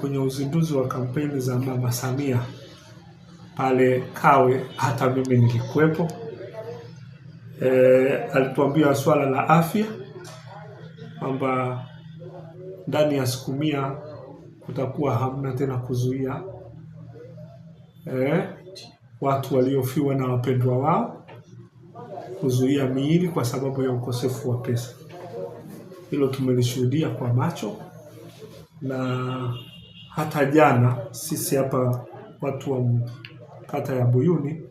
Kwenye uzinduzi wa kampeni za Mama Samia pale Kawe, hata mimi nilikuwepo. E, alituambia swala la afya kwamba ndani ya siku mia kutakuwa hamna tena kuzuia e, watu waliofiwa na wapendwa wao, kuzuia miili kwa sababu ya ukosefu wa pesa. Hilo tumelishuhudia kwa macho na hata jana sisi hapa watu wa kata ya Buyuni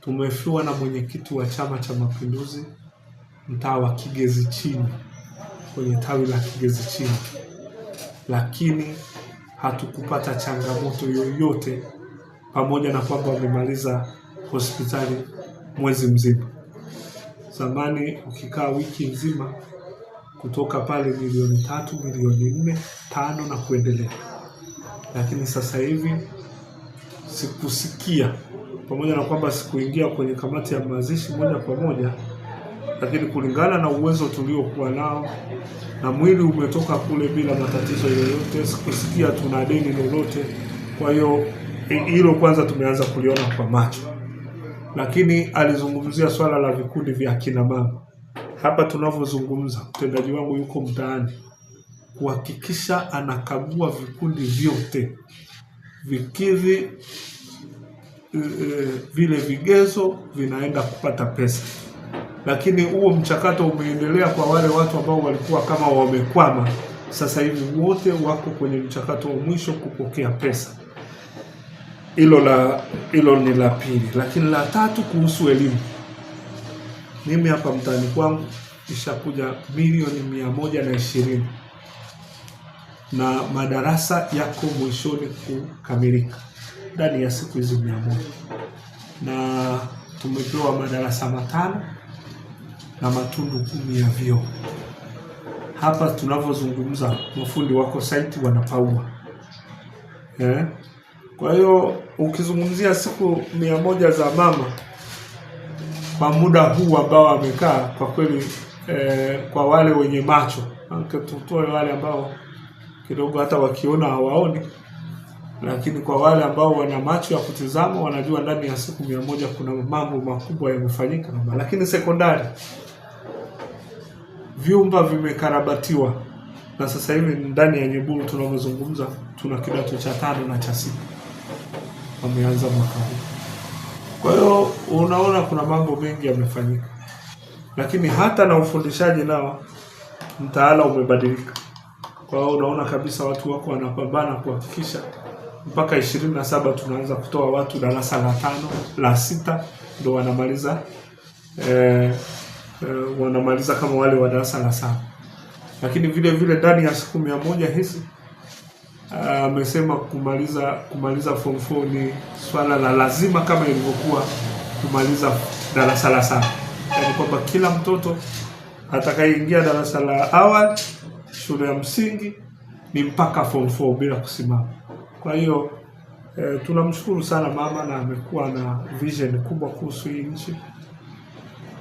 tumefiwa na mwenyekiti wa Chama cha Mapinduzi mtaa wa Kigezi Chini, kwenye tawi la Kigezi Chini, lakini hatukupata changamoto yoyote, pamoja na kwamba wamemaliza hospitali mwezi mzima. Zamani ukikaa wiki nzima kutoka pale milioni tatu, milioni nne, tano na kuendelea. Lakini sasa hivi sikusikia, pamoja na kwamba sikuingia kwenye kamati ya mazishi moja kwa moja, lakini kulingana na uwezo tuliokuwa nao na mwili umetoka kule bila matatizo yoyote, sikusikia tuna deni lolote. Kwa hiyo hilo kwanza tumeanza kuliona kwa macho, lakini alizungumzia swala la vikundi vya kina mama hapa tunavyozungumza, mtendaji wangu yuko mtaani kuhakikisha anakagua vikundi vyote vikidhi e, vile vigezo vinaenda kupata pesa. Lakini huo mchakato umeendelea kwa wale watu ambao walikuwa kama wamekwama, sasa hivi wote wako kwenye mchakato wa mwisho kupokea pesa. Hilo la hilo ni la pili, lakini la tatu kuhusu elimu mimi hapa mtaani kwangu ishakuja milioni mia moja na ishirini na madarasa yako mwishoni kukamilika ndani ya siku hizi mia moja na tumepewa madarasa matano na matundu kumi ya vyoo. Hapa tunavyozungumza mafundi wako saiti wanapaua, eh? Kwa hiyo ukizungumzia siku mia moja za mama kwa muda huu ambao wamekaa kwa kweli eh, kwa wale wenye macho tutoe wale ambao kidogo hata wakiona hawaoni, lakini kwa wale ambao wana macho ya kutizama wanajua ndani ya siku mia moja kuna mambo makubwa yamefanyika. Lakini sekondari vyumba vimekarabatiwa na sasa hivi ndani ya Nyeburu tunavyozungumza tuna kidato cha tano na cha sita wameanza mwaka huu. Kwa hiyo unaona kuna mambo mengi yamefanyika, lakini hata na ufundishaji nao mtaala umebadilika. Kwa hiyo unaona kabisa watu wako wanapambana kuhakikisha mpaka ishirini na saba tunaanza kutoa watu darasa la tano la sita ndo wanamaliza eh, eh, wanamaliza kama wale wa darasa la saba, lakini vile vile ndani ya siku mia moja hizi Eh, amesema uh, kumaliza kumaliza form 4 ni swala la lazima kama ilivyokuwa kumaliza darasa la saba, yaani kwamba kila mtoto atakayeingia darasa la awali shule ya msingi ni mpaka form 4 bila kusimama. Kwa hiyo eh, tunamshukuru sana mama, na amekuwa na vision kubwa kuhusu hii nchi,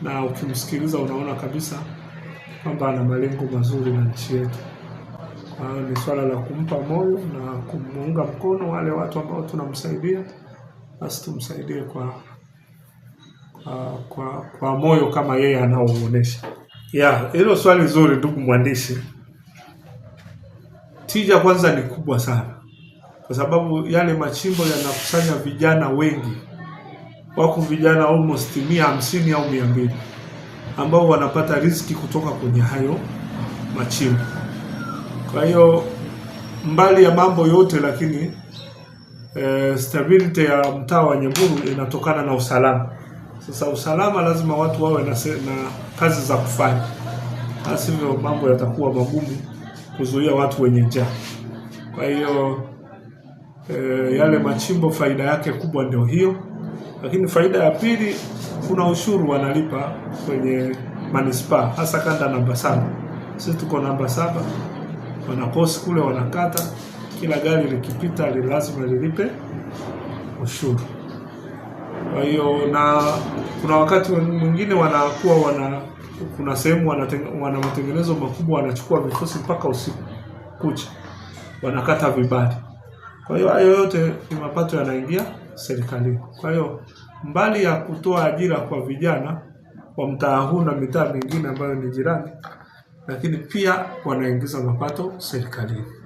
na ukimsikiliza unaona kabisa kwamba ana malengo mazuri na nchi yetu. Ah, ni swala la kumpa moyo na kumuunga mkono wale watu ambao tunamsaidia, basi tumsaidie kwa kwa, kwa kwa moyo kama yeye anaoonyesha Yeah, hilo swali zuri ndugu mwandishi. Tija kwanza ni kubwa sana, kwa sababu yale machimbo yanakusanya vijana wengi, wako vijana almost mia hamsini au mia mbili ambao wanapata riziki kutoka kwenye hayo machimbo. Kwa hiyo mbali ya mambo yote lakini e, stability ya mtaa wa Nyamuru inatokana na usalama. Sasa usalama lazima watu wawe na, na kazi za kufanya, asivyo mambo yatakuwa magumu kuzuia watu wenye njaa. Kwa hiyo e, yale machimbo faida yake kubwa ndio hiyo, lakini faida ya pili kuna ushuru wanalipa kwenye manispaa, hasa kanda namba saba. Sisi tuko namba saba wanakosi kule wanakata, kila gari likipita li lazima lilipe ushuru. Kwa hiyo na kuna wakati mwingine wanakuwa wana kuna sehemu wana, matengenezo makubwa wanachukua vikosi mpaka usiku kucha, wanakata vibali. Kwa hiyo hayo yote ni mapato yanaingia serikalini. Kwa hiyo mbali ya kutoa ajira kwa vijana wa mtaa huu na mitaa mingine ambayo ni jirani lakini pia wanaingiza mapato serikalini.